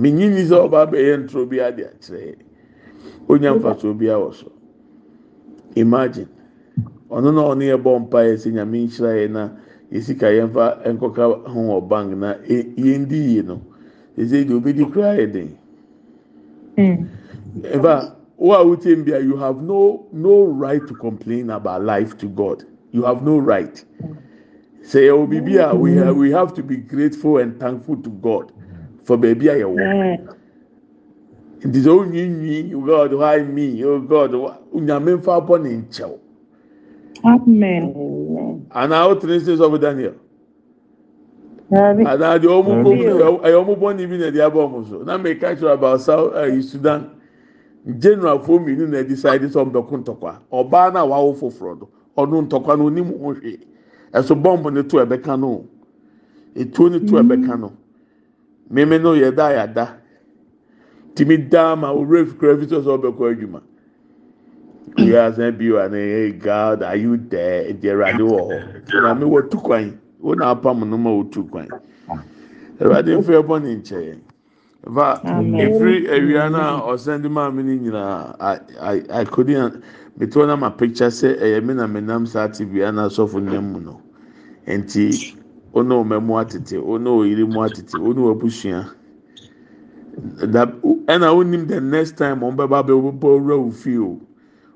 Minyini sɛ ɔba abɛyɛ ntoro bi ade akyerɛ onya mfasoɔ bi awɔ so imagine ɔno na ɔno yɛ bɔ mpa yɛ sɛ nyame nhyira yɛ na yɛsika yɛmfa nkɔka ho wɔ bank na yɛndi yie no ɛsɛ deɛ obɛdi koraa yɛ den mm. wo a wotie bia you have no no right to complain about life to god you have no right mm. sɛ yɛwɔ biribi a we have to be grateful and thankful to god for baby a yɛwɔ nti sɛ onwiinwii o god why me o oh god nyame nfa bɔ ne nkyɛw amen anaa o tiri daniel anaa deɛ ɔmo bɔ ɛyɛ ɔmo bɔ na ɛde abɔ ɔmo so na mɛ kakyɛ about south uh, sudan general fo mmienu na ɛdecide sɛ ɔmbɛko ntɔkwa ɔbaa na wawo foforɔ do ɔno ntɔkwa no onim ho hwee ɛso bɔmbo ne to ɛbɛka no etuo ne to ɛbɛka no. Mm -hmm. mímí no yɛ da yɛ da tìmí da ma o rave kura fi sɔ sɔ ɔbɛ kɔ adwuma yɛ asan hmm. bi wa hey god are you there ɛdiɛrɛade wɔ hɔ na mi wɔ tu kwan o na apam no ma o tu kwan ɛwɛade nfɛ bɔ ne nkyɛn va efiri awia na ɔsan di maame ne nyinaa i i i couldn't bitɔn na ma picture sɛ ɛyɛ eh, mi na mi nam saa tv ana asɔfo nam mu no nti one ọmọọmọ atete one ọyirimu atete one ọbusua that ɛna onim the next time ɔmo bɛba bɛ bɔ owurɔ ofi o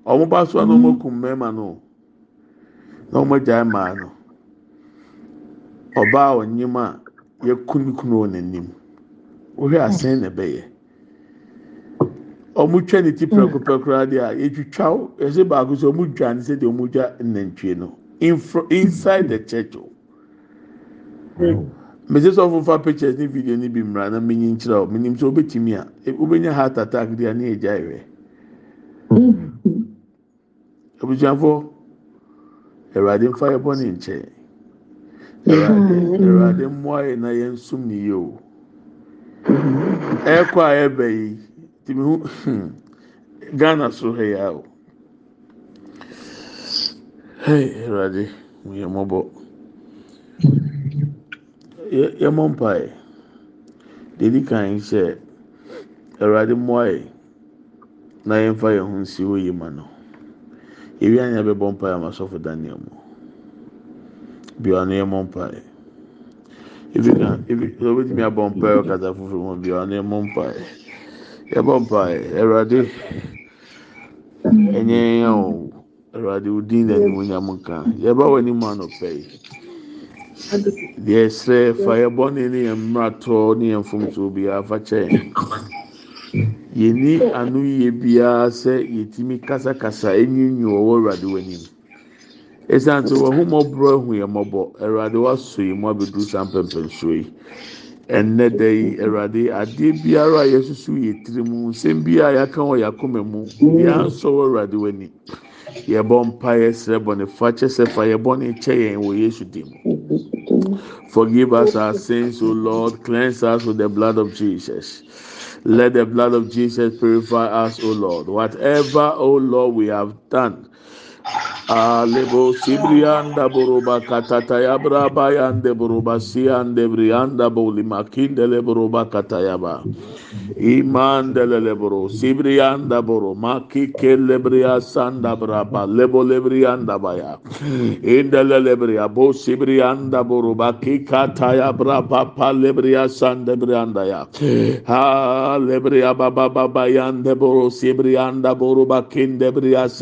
ɔmo ba so a na ɔmo kum mɛma no na ɔmo gya mmaa no ɔbaa ɔnyim a yɛkunukunu wɔ n'anim wohwɛ asɛn na ɛbɛyɛ ɔmo twɛ ne ti pɛrɛkopɛkoro adeɛ a yɛtwitwa ɛsɛ baako sɛ ɔmo dwa ne sɛ deɛ ɔmo dwa nantwie no inside the church o. Mm. mese sɔfo fa pictures ne video ne bi mmira na menyi nkyerɛ o menim sɛ wobɛtumi a wobɛnya heart attack di a ne yɛ gya ɛwɛ abusuafoɔ awurade mfa yɛ bɔ ne nkyɛn awurade mmoa yɛ na yɛn nsum ne o ɛkɔ a yɛbɛ yi tìmi hu ghana so ha yɛ o hey awurade yɛ mɔbɔ. yɛmɔ mpae deedi kan sɛ awurade mmoae na yɛmfa yɛn ho nsi hɔ yie ma no ewia nyɛ bɛbɔ mpae ama sɔfo daniel mu bia no yɛmɔ mpae ebi kan ebi obetumi abɔ mpae ɔkata foforɔ mu bia no yɛmɔ mpae yɛbɔ mpae awurade ɛnyɛ yɛn o awurade odin na ɛnimu nyam nka yɛba wɔ anim anɔpɛ yi. yɛsrɛ fa yɛ bɔne ne yɛn mmaratɔ ne yɛn mfomso biara fa kyɛn yɛni ano yie biara sɛ yɛtumi kasakasa enyinyi wɔ wɔ awurade w'anim esan so wɔn ho mɔborɔ ehu yɛn wa awurade w'aso yi mu abɛduru saa mpɛmpɛnsoɔ yi ɛnɛ da yi awurade adeɛ biara a yɛsusu yɛ tirim nsɛm biara yɛaka wɔ yɛ akoma mu yɛn asɔ wɔ yɛbɔ mpaeɛ srɛ bɔne fa kyɛ sɛ fa kyɛ yɛn wɔ yesu forgive us our sins o lord cleanse us with the blood of jesus let the blood of jesus purify us o lord whatever o lord we have done a lebo sibrianda boro bakatatayabra bayandebr basanbrnimakndbkaty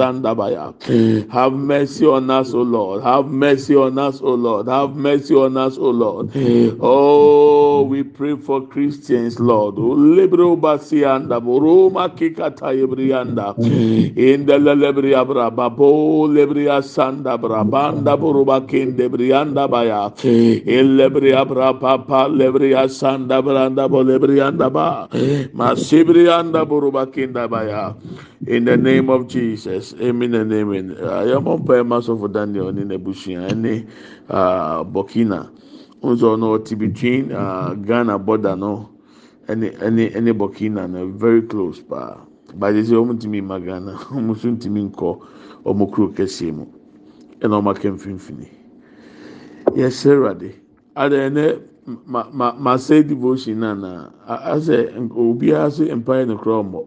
iandl sbrnkkrnrndbaya Have mercy on us, O Lord. Have mercy on us, O Lord. Have mercy on us, O Lord. Oh, we pray for Christians, Lord. In the lebria sanda brabanda, brianda baya. In lebria lebria sanda branda, ba. Masibrianda kinda baya. In the name of Jesus. Amen and amen. yɛmɔ mpae ma sɔfo daniel ne n'abusua ne burkina nso no ɔte between ghana border no ɛne ɛne ɛne burkina no very close paa baagye sɛ wɔn ntumi ma ghana wɔn nso ntumi nkɔ wɔn kuro kɛseɛ mu ɛna wɔn aka mfinfin yɛsɛ ɛwurade adeɛ ne ma ma ma sɛ devotion na na asɛ obiara so mpae no koraa ɔmɔ.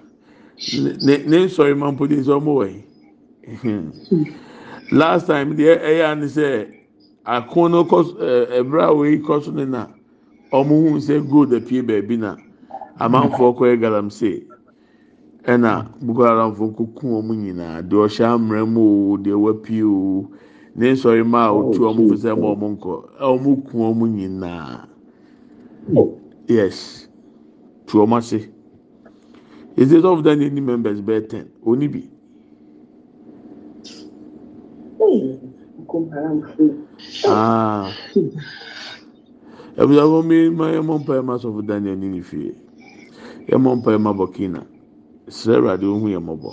ne ne nsọrọ ma mpụ di nsọ ọmụ wọ yi last time deɛ ɛyɛ ani sɛ ako no kɔ ɛbra eh, a wɔyi kɔ so na ɔmo hu sɛ gold apie beebi na amanfoɔ hmm. kɔyɛ galamsey ɛna boko haram fo kuku wɔn nyinaa deɛ ɔhyɛ amena mu o deɛ wapie o ne nsọrọ ma oh, otu ọmụ fo sɛ ma wɔn nkɔ ɔmo ku wɔn nyinaa oh. yes tu wɔn ase. Is it of that any members bɛyɛ ten oni bi. ɛbusafo mi ma ɛmɔ mpa ɛma sɔfo daniel ni ne fie ɛmɔ mpa ɛma burkina srɛ ɛwurade ohun yɛ mɔbɔ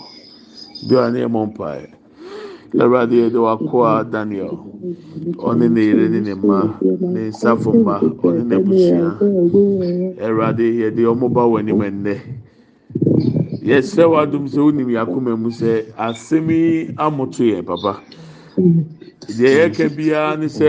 bi a ne ɛmɔ mpa yɛ ɛwurade yɛ de wakɔa daniel ɔne ne yere ne ne ma ne nsafo mma ɔne ne busua ɛwurade yɛ de ɔmo ba wɔ anim ɛnnɛ yɛsrɛ w'adum sɛ wonim yɛakoma mu sɛ asɛm yi amoto yɛ papa mm. deɛ yɛka biara ne sɛ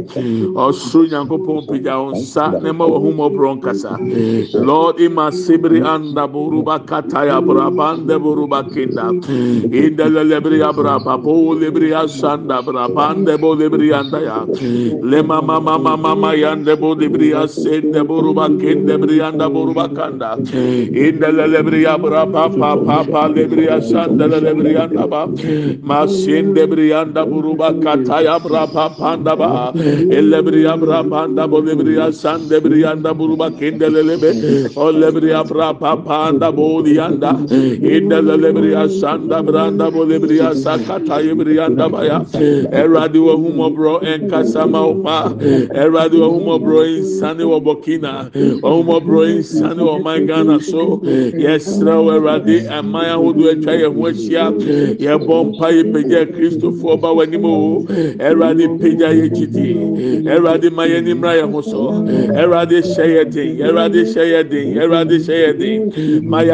sunyanku pompiysanubronks oi masibrin burubkty brnrbkn ilbria br rsbrnry lemnrn r brrr sbrrkyrn elebriya brabanda bolebriya san anda buruba kindelelebe olebriya brabanda boliyanda indelelebriya san da branda bolebriya sakata anda baya eradi wo humo bro enkasa maupa eradi wo humo bro insani wo bokina wo humo bro insani wo mangana so yesra wo eradi amaya hodo etwa ye ho ahyia ye bompa ye pegya kristofoɔ ba w'anim o eradi pegya ye kiti Erade ma yɛ ni mra yɛ ho so. Erade hyɛ yɛ den. Erade hyɛ yɛ Erade hyɛ yɛ den. Ma ni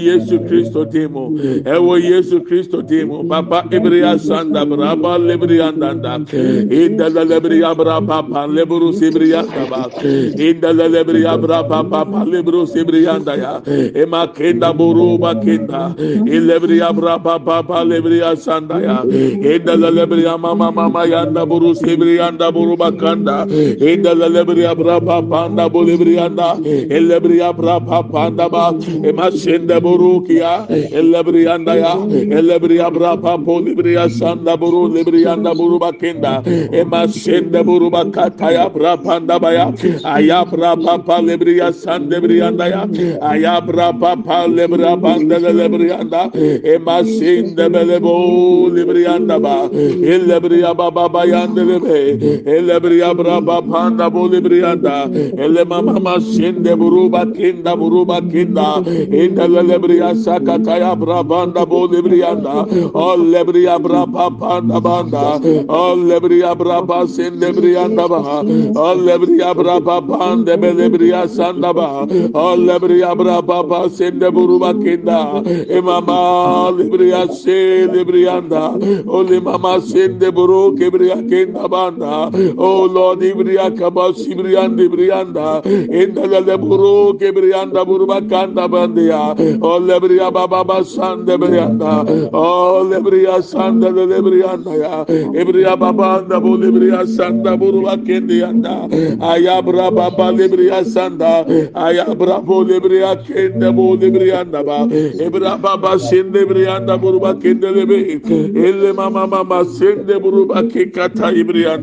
Yesu Kristo demo. mu. Yesu Kristo demo. Papa ebere asanda braba lebere andanda. Indala lebere abra papa lebere sebere yasaba. lebriya lebere abra papa lebere sebere yandaya. Ema kenda boruba kenda. Ilebere papa lebere Inda Indala lebere ama mama mama yanda buru sibri yanda buru bakanda inda lebri abra panda bulibri yanda elebri abra panda ba emasinde buru kiya elebri yanda ya elebri abra pampo libri yanda buru libri yanda buru bakenda emasinde buru bakata ya abra panda ba ya ayabra papa libri yanda libri yanda ya ayabra papa libri yanda lebri yanda emasinde belebo libri yanda ba e elebriya baba bayandelebe elebriya braba panda bolibriyanda ele mama masinde buruba kinda buruba kinda inda elebriya sakata ya brabanda bolibriyanda elebriya braba panda banda elebriya braba sinde briyanda ba elebriya braba panda belebriya sanda ba elebriya braba sinde buruba kinda imama elebriya sinde briyanda ole mama sinde Kende buru kebriya kenda banda. Oh Lord, ibriya kabas ibriyan ibriyanda. Endele de buru kebriyanda burba kanda bandiya. Oh lebriya baba basan debriyanda. Oh lebriya sanda de lebriyanda ya. Ibriya baba da bu lebriya sanda burba kendiyanda. Ayabra baba lebriya sanda. Ayabra bu lebriya kende bu lebriyanda ba. Ibra baba sinde briyanda burba kende lebe. Elle mama mama sinde bbakkaibrndya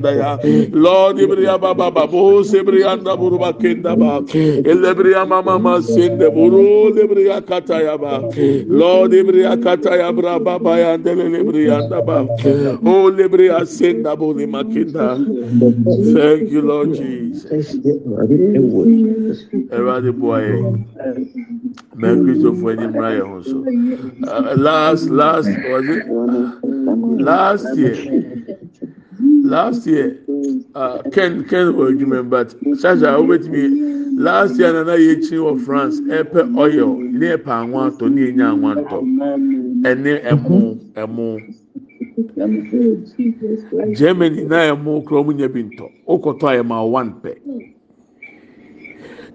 obribbba bos brianda burobakndaba le bria mammasend buro briya kaayaba orbria kataya brababayandele briandaba ol briya senda bolimakida na kristofo ani mmara yɛn ho so uh, last last was it last year last year uh, ken ken wɔ adwuma but sasa wobɛtumi last year nana yɛ ekyi wɔ france ɛpɛ oil ne ɛpɛ anwa atɔ ne yɛ nya anwa ntɔ ɛne ɛmo ɛmo germany na ɛmo kura ɔmo nya bi ntɔ okɔtɔ ayɛ ma one pɛ.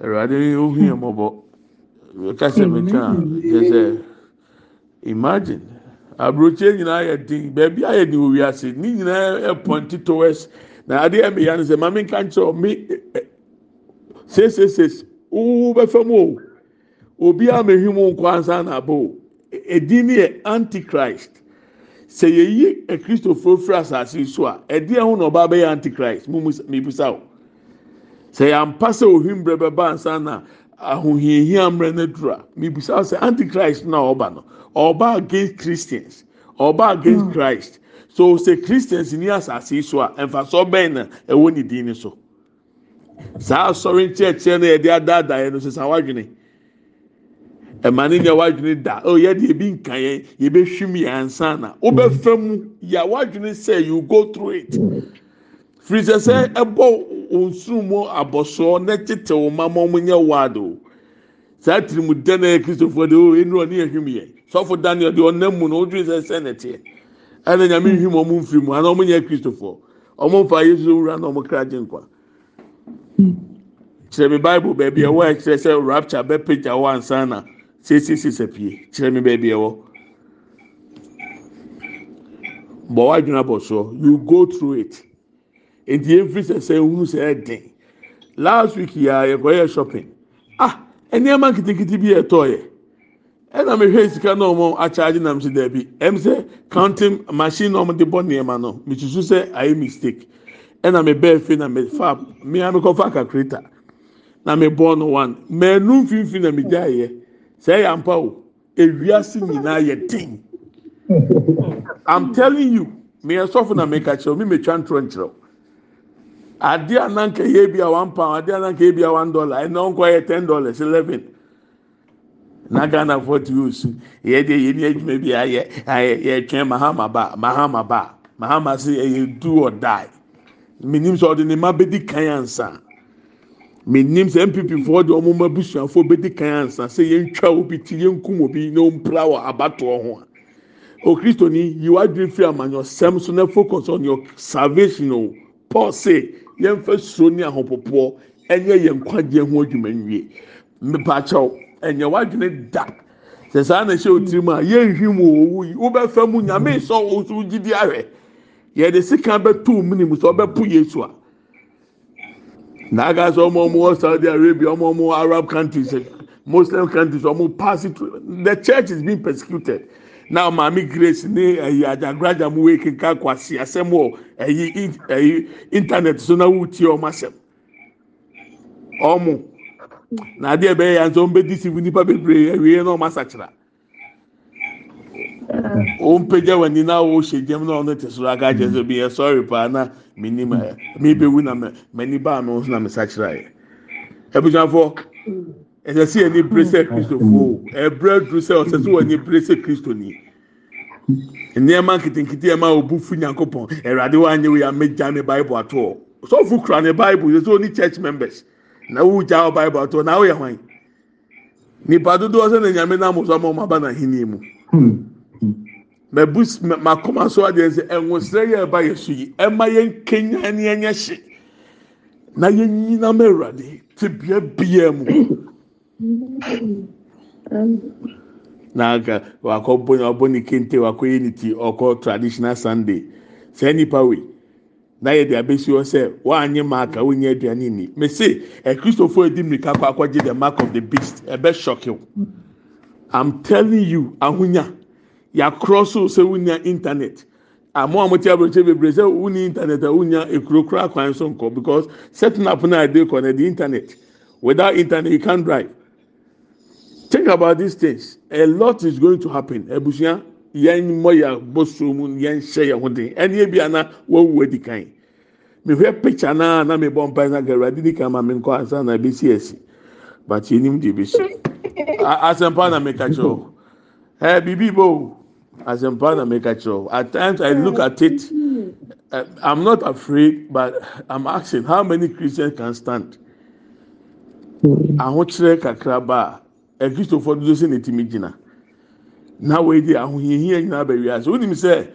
awurade ɔhuamɔbɔ hmm. ɛkasɛ mekaasɛ hmm. imagin abrokyi nyinaa yɛden baabiayɛdiiase ne nyinaa ɛpɔntetos naademeyan sɛ mamenka nkyerɛ eh, eh, ssse wwobɛfamɔo obiaa mehimuonkɔansa na bɛo e, din n yɛ antichrist sɛ yɛyi kristofɔɔ firi asase yso a ɛde hona ɔbaa bɛyɛ antichrist mibisa wo sɛ yɛampa sɛ ohim brɛ bɛba ansa na ahohiahia mmerɛ no dura mibisa sɛ antichrist na ɔba no ɔba against christians ɔba against mm. christ so sɛ christians ni asase so a mfasoɔ bɛn na ɛwɔ ne din ne so saa asɔre nkyerɛkyerɛ no yɛde adaadaeɛ no sisan wadwene ɛma ne nea wadwene da o yɛde ebi nka yɛn yɛbɛhwim yɛn ansa na wobɛfɛ mu yà wadwene sɛ you go through it firisɛ sɛ ɛbɔ nsurumu abọsọ na tete wɔn mma wɔn nyɛ ward o saa tirimu dan yɛ kristofoɔ de o oh, enu ɔne ehwim yɛ sɔfo daniel de ɔnam mu na ɔdwi sɛ sɛ nɛteɛ ɛna nyame nhwim wɔn nfiri mu ana wɔn nyɛ kristofoɔ wɔn mfa yesu owura na wɔn kra gye nkwa kyerɛ mi bible baabi ɛwɔ ɛkyerɛ sɛ rapture bɛpagya wɔ ansa na sesese sapie kyerɛ mi baabi ɛwɔ bɔ wadwina bɔ soɔ you go through it. nti efiri sɛsɛ ehunu sɛ ɛden last week yɛ a yɛkɔyɛ shopping ah nneɛma nketenkete bi ɛtɔɔ yɛ ɛna mehwɛ sika na ɔmo akyagye nam si dɛbi ɛm sɛ counting machine na ɔmo de bɔ nneɛma no mesusu sɛ ayɛ mistake ɛna mebɛɛ fi na mefa mmea mekɔfa calculator na mebɔ no one mɛnu mfimfini na megya yɛ sɛ ɛyɛ ampa o ewia si nyinaa yɛ den i'm telling you meyɛ sɔfo na meka kyerɛw mi metwa ntorɔ nkyerɛw. adeɛ ananka yɛ bi a one pound adeɛ ananka yɛ bi a one dollar ɛna ɔnkɔ yɛ ten dollars eleven na ghana forty use yɛ de yɛ ni adwuma bi ayɛ ayɛ yɛtwɛn mahama ba mahama ba mahama si ɛyɛ do or die menim sɛ ɔde ne ma bɛdi kan ansa menim sɛ npp foɔ de ɔmo ma busuafoɔ bɛdi kan ansa sɛ yɛntwa obi ti yɛnkum obi na ɔmpra wɔ abatoɔ ho a okristoni yiwa adwiri fi amanyɔsɛm so na focus on your salvation o paul say. yɛmfa suro ne ahopopoɔ ɛnyɛ yɛn nkwagyeɛ ho adwuma nwie mipaakyɛw ɛnyɛ wadwene da sɛ saa na ɛhyɛ otiri mu a yɛnhwi mu owu yi wobɛfa mu nyame sɔ osu gyidi ahwɛ yɛde sika bɛto omini mu sɛ ɔbɛpo yesu a n'aga sɛ ɔmo ɔmo wɔ saudi arabia ɔmo ɔmo arab countries muslim countries ɔmo pass it through the church is being persecuted. na eh, maame ah. grace ne ɛyi mu wei kwasi asɛm wɔ ɛyi ɛyi so na wotie ɔmo asɛm ɔmo na adeɛ bɛyɛ ɔmo bɛdi si nipa bebree ɛwie na ɔmo asakyera ɔmo pagya wɔn ani na ɔhyɛ gyam na ɔno te soro aka kyerɛ sɛ mm. bi yɛ eh, sɔre paa na mi ma ɛ mi na mɛ mɛ ni baa no na sakyera yɛ ɛsɛ sɛ yɛn ni bere sɛ kristofo ɛbrɛ duru sɛ ɔsɛ sɛ wɔn ni bere sɛ kristoni nneɛma nketenkete ɛma obu fu nyankopɔn ɛwurade wa anyi wia megya ne baibu ato sɔfo kura ne baibu yɛ sɛ oni church members na wo gya wɔ baibu ato na woyɛ hwan nipa dodoɔ sɛ na nyame nam so ama ɔmo aba na ahenni mu mɛbu makoma so adeɛ sɛ ɛnwosrɛ yɛ ɛba yɛ so yi ɛma yɛn kenya ne yɛn nyɛ hye na yɛn nyinam ɛwurade tibia bia mu. n'aka wakɔ bɔnni ɔbɔ ni kente wakɔ yi ti ɔkɔ traditional sunday sɛ nipa wei na yɛ de abesi hɔ sɛ wɔanye maaka wɔnye aduane ni mese ɛkristofo e edi mirika kɔ akɔgye the mark of the beast ɛbɛ e shock you i'm telling you ahunya yakorɔ so sɛ wunya internet àmọ́ àwọn tí a sẹ́ internet so because setting up náà internet without internet you can drive. think about these things a lot is going to happen ebusua ya mmɔ yɛ bosom yɛn hyɛ yɛn ho den ɛni ebi ana wɔn wu edi kan mehwɛ picture naa na mi bɔ mpa na gɛrɛ adi ni kan ma mi nkɔ ansa na ebi si esi but enim de ebi si asɛmpa na mi ka kyerɛw ɛɛ bibi bo asɛmpa na mi ka kyerɛw at times i look at it eh, i'm not afraid but i'm asking how many christians can stand hmm. ahokyerɛ kakraba a. ɛkristofo dodo sɛ n'etimi gyina na wei de ahohiahia nyinaa bɛ wiase wonim sɛ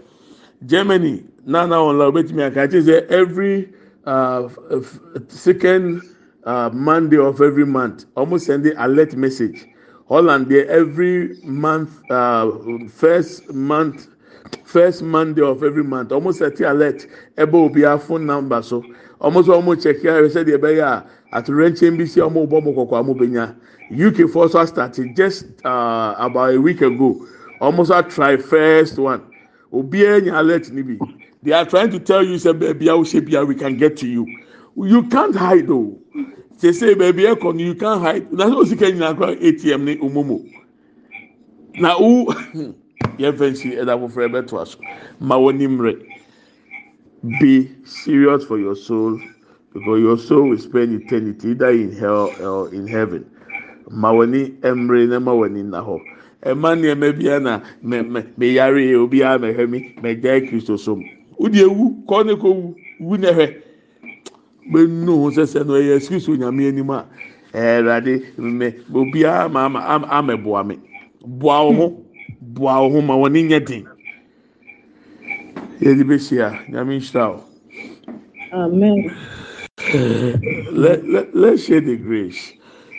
germany nana ɔnla obetumi aka kye sɛ every uh, uh second uh, monday of every month ɔmo send the alert message holland there every month uh, first month first monday of every month ɔmo set alert ɛbɛ obi a phone number so ɔmo sɛ ɔmo check ya ɛsɛ deɛ ɛbɛyɛ a atorenkyɛn bi si a wɔn rebɔ mo kɔkɔ a wɔn bɛnya uk foɔ so astate just uh, about a week ago wɔn so try first one obiara nya alert ni bi they are trying to tell you say baabi a wohyɛ bi a we can get to you you can't hide o te say baabi ɛkɔ no you can't hide na so sika nyinaa kora atm ne omomo na wo <laughs> yɛn fɛn si ɛda foforɔ ɛbɛto aso ma wɔn ni mmerɛ be serious for your soul. because your soul will spend eternity either in hell or in heaven ma wani na ma wani na Ema bia na meyare yɛ obiara mɛhwɛ mi mɛgya kristo so mu ewu kɔɔ ne ko wu wu ne hwɛ gbɛnu ho no nyame a obiara ma ama ama boa boa wo boa wo ma nyame <laughs> let, let, let's share the grace.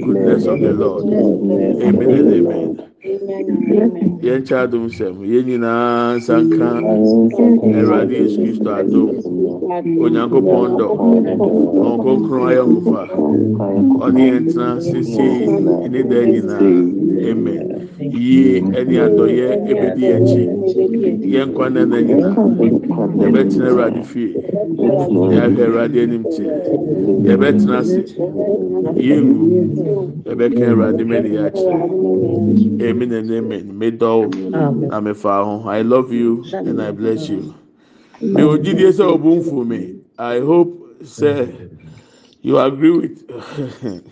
goodness of the Lord. Amen and amen. Yɛn kyɛ adum sɛm, yɛn nyinaa nsanka, Ɛwurade Yesu Kristo adum, Onyankopɔn dɔ, Ɔnkonkron ayɛ nkofa, Ɔne yɛn tena sisi ne dan nyinaa. amen yie ɛne adɔyɛ ebedi akyi yɛn nkwa na na nyina yɛbɛtena awurade fie yɛahwɛ awurade anim kyi yɛbɛtena ase yɛngu yɛbɛka awurade ma ne yɛakyerɛ ɛmi na ne mɛ medɔw na mefa ho i love you and i bless you Me ò jí díẹ̀ sẹ́ o bú ń mi i hope sẹ́ you agree with. <laughs>